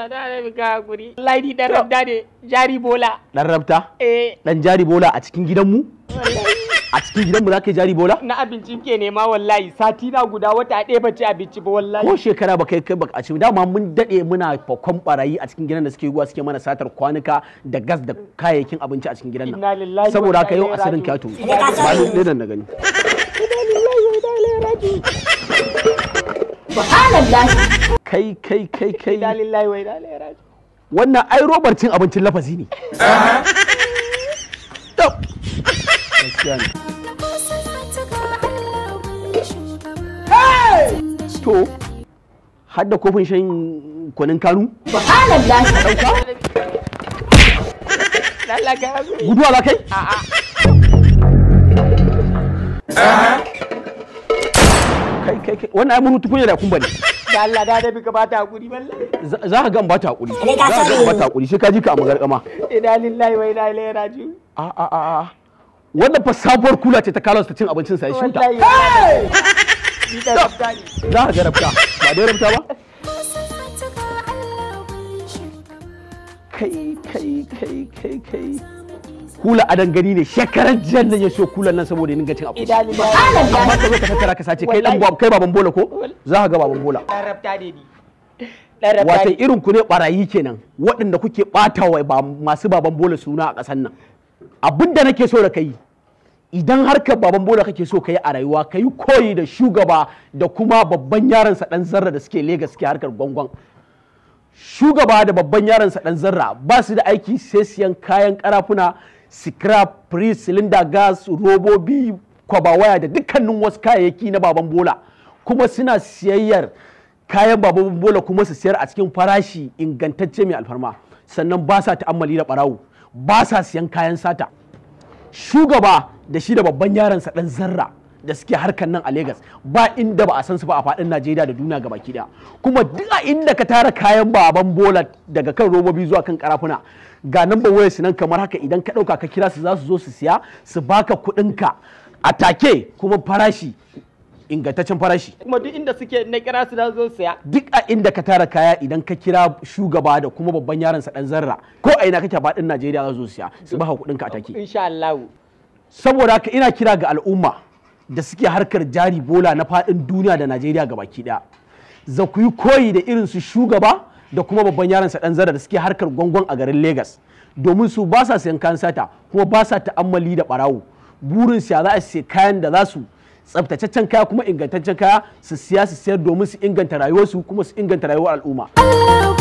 Allah da rabi ga guri wallahi dan rabda ne jari bola dan rabta eh dan jari bola a cikin mu? a cikin gidan za ka yi jari bola? Na abinci ke nema wallahi sati na guda wata ɗaya bace abinci ba wallahi. Ko shekara ba kai kai ba a cikin dama mun daɗe muna fakon barayi a cikin gidan da suke guwa suke mana satar kwanuka da gas da kayayyakin abinci a cikin gidan nan. Saboda haka yau asirin ka tuwo. Ba ni ɗaya na gani. kai kai kai kai wai wannan ai robar cin abincin lafazi ne to hadda kofin shan kwanin kanu guduwa za kai kai kai kai wannan ai mun tukunya da kumbani da Allah da da bika bata hakuri wallahi za ka ga bata hakuri za ka ga bata hakuri shi ka ji ka amagar kama ina lillahi wa ina ilaihi raji'un a a a a fa sabuwar kula ce ta kalos ta cin abincin sa ya shuta za ka ga rabta ba dai rabta ba kai kai kai kai kai kula adan gani ne shekarar jiyar nan ya so kula nan saboda ninga cin abu amma ka tattara ka sace kai baban bola ko za ka ga baban bola wata irin ku ne barayi kenan waɗanda kuke ɓata wa masu baban bola suna a ƙasar nan abinda nake so da kai idan harkar baban bola kake so kayi a rayuwa kai koyi da shugaba da kuma babban yaransa dan zarra da suke legas suke harkar gwangwan shugaba da babban yaransa dan zarra ba su da aiki sai siyan kayan karafuna scrap pre cylinder gas robobi kwabawaya da dukkanin wasu kayayyaki na baban bola kuma suna siyayyar kayan baban bola kuma su siyar a cikin farashi ingantacce mai alfarma sannan ba sa ta'ammali da barawo ba sa siyan kayan sata shugaba da shi da babban yaransa dan zarra da suke harkar nan a Legas ba inda ba a san su ba a faɗin Najeriya da duniya gabaki daya kuma duk a inda ka tara kayan baban bola daga kan robobi zuwa kan karafuna ga nan wayar su nan kamar haka idan ka ɗauka ka kira su za su zo su siya su baka kuɗinka a take kuma farashi ingantaccen farashi. Kuma duk inda suke na kira su zo siya Duk a inda ka tara kaya idan ka kira shugaba da kuma babban yaron sa dan zarra ko a ina kake faɗin Najeriya za zo siya su baka kuɗin ka a take. Insha Allah. Saboda haka ina kira ga al'umma da suke harkar jari bola na faɗin duniya da najeriya ga baki ɗaya za ku yi koyi da irin su shugaba da kuma babban yaransa ɗan zara da suke harkar gwangon a garin Legas domin su ba sa sayan kayan sata kuma ba sa ta'ammali da barawo burin siya za a sai kayan da za su tsabtataccen kaya kuma ingantaccen kaya su siya su siyar domin su inganta rayuwarsu kuma su inganta rayuwar al'umma.